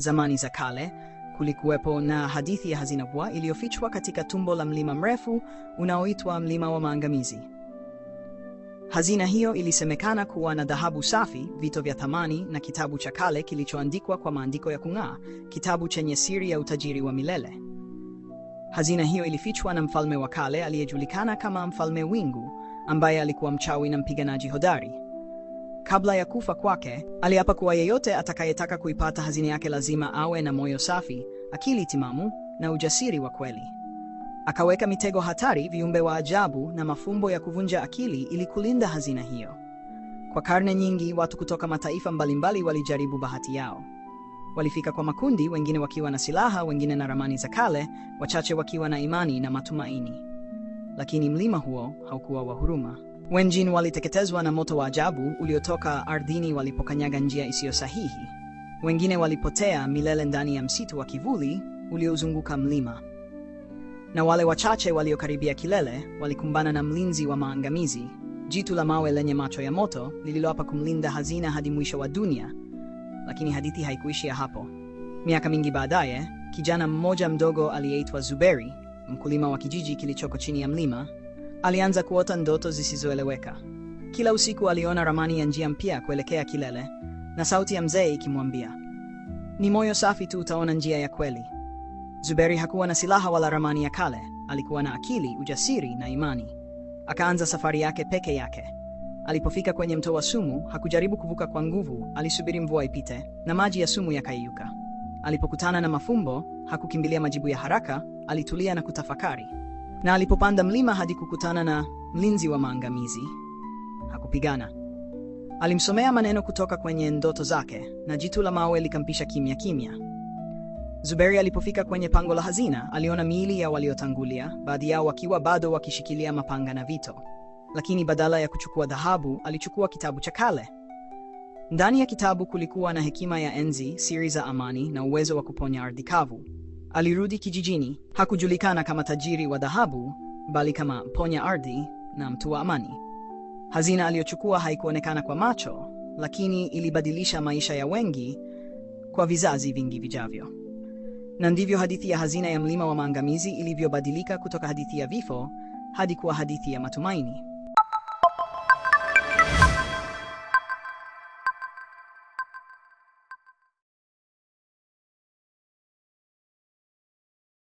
Zamani za kale kulikuwepo na hadithi ya hazina kubwa iliyofichwa katika tumbo la mlima mrefu unaoitwa Mlima wa Maangamizi. Hazina hiyo ilisemekana kuwa na dhahabu safi, vito vya thamani na kitabu cha kale kilichoandikwa kwa maandiko ya kung'aa, kitabu chenye siri ya utajiri wa milele. Hazina hiyo ilifichwa na mfalme wa kale aliyejulikana kama Mfalme Wingu, ambaye alikuwa mchawi na mpiganaji hodari. Kabla ya kufa kwake, aliapa kuwa yeyote atakayetaka kuipata hazina yake lazima awe na moyo safi, akili timamu na ujasiri wa kweli. Akaweka mitego hatari, viumbe wa ajabu na mafumbo ya kuvunja akili ili kulinda hazina hiyo. Kwa karne nyingi, watu kutoka mataifa mbalimbali walijaribu bahati yao. Walifika kwa makundi, wengine wakiwa na silaha, wengine na ramani za kale, wachache wakiwa na imani na matumaini. Lakini mlima huo haukuwa wa huruma. Wenjin waliteketezwa na moto wa ajabu uliotoka ardhini walipokanyaga njia isiyo sahihi. Wengine walipotea milele ndani ya msitu wa kivuli uliozunguka mlima, na wale wachache waliokaribia kilele walikumbana na mlinzi wa maangamizi, jitu la mawe lenye macho ya moto lililoapa kumlinda hazina hadi mwisho wa dunia. Lakini hadithi haikuishia hapo. Miaka mingi baadaye, kijana mmoja mdogo aliyeitwa Zuberi, mkulima wa kijiji kilichoko chini ya mlima Alianza kuota ndoto zisizoeleweka. Kila usiku aliona ramani ya njia mpya kuelekea kilele, na sauti ya mzee ikimwambia, ni moyo safi tu utaona njia ya kweli. Zuberi hakuwa na silaha wala ramani ya kale, alikuwa na akili, ujasiri na imani. Akaanza safari yake peke yake. Alipofika kwenye mto wa sumu, hakujaribu kuvuka kwa nguvu, alisubiri mvua ipite na maji ya sumu yakaiyuka Alipokutana na mafumbo, hakukimbilia majibu ya haraka, alitulia na kutafakari na alipopanda mlima hadi kukutana na mlinzi wa maangamizi hakupigana. Alimsomea maneno kutoka kwenye ndoto zake na jitu la mawe likampisha kimya kimya. Zuberi alipofika kwenye pango la hazina, aliona miili ya waliotangulia, baadhi yao wakiwa bado wakishikilia mapanga na vito, lakini badala ya kuchukua dhahabu alichukua kitabu cha kale. Ndani ya kitabu kulikuwa na hekima ya enzi, siri za amani na uwezo wa kuponya ardhi kavu. Alirudi kijijini. Hakujulikana kama tajiri wa dhahabu, bali kama ponya ardhi na mtu wa amani. Hazina aliyochukua haikuonekana kwa macho, lakini ilibadilisha maisha ya wengi kwa vizazi vingi vijavyo. Na ndivyo hadithi ya Hazina ya Mlima wa Maangamizi ilivyobadilika kutoka hadithi ya vifo hadi kuwa hadithi ya matumaini.